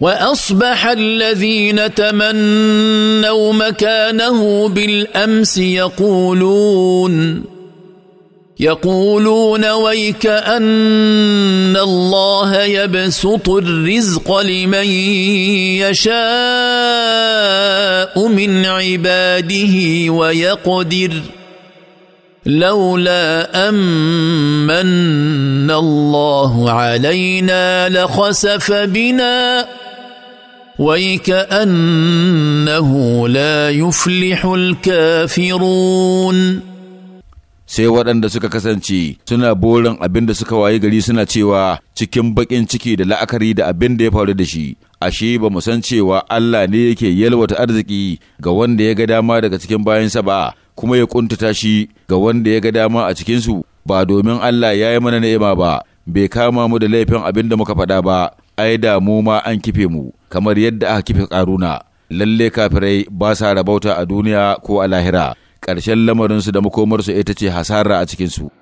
واصبح الذين تمنوا مكانه بالامس يقولون يقولون ويك ان الله يبسط الرزق لمن يشاء من عباده ويقدر لولا امن الله علينا لخسف بنا ويكأنه لا يفلح الكافرون sai waɗanda suka kasance suna borin abin da suka waye gari suna cewa cikin baƙin ciki da la'akari da abin da ya faru da shi ashe ba mu san cewa Allah ne yake yalwata arziki ga wanda ya ga dama daga cikin bayansa ba kuma ya ƙuntata shi ga wanda ya ga dama a cikinsu ba domin Allah ya yi mana ni'ima ba bai kama mu da laifin abin da muka faɗa ba ai da mu ma an kife mu kamar yadda aka kifi karuna lalle kafirai ba sa rabauta a duniya ko a lahira ƙarshen lamarinsu da makomarsu ita ce hasara a cikinsu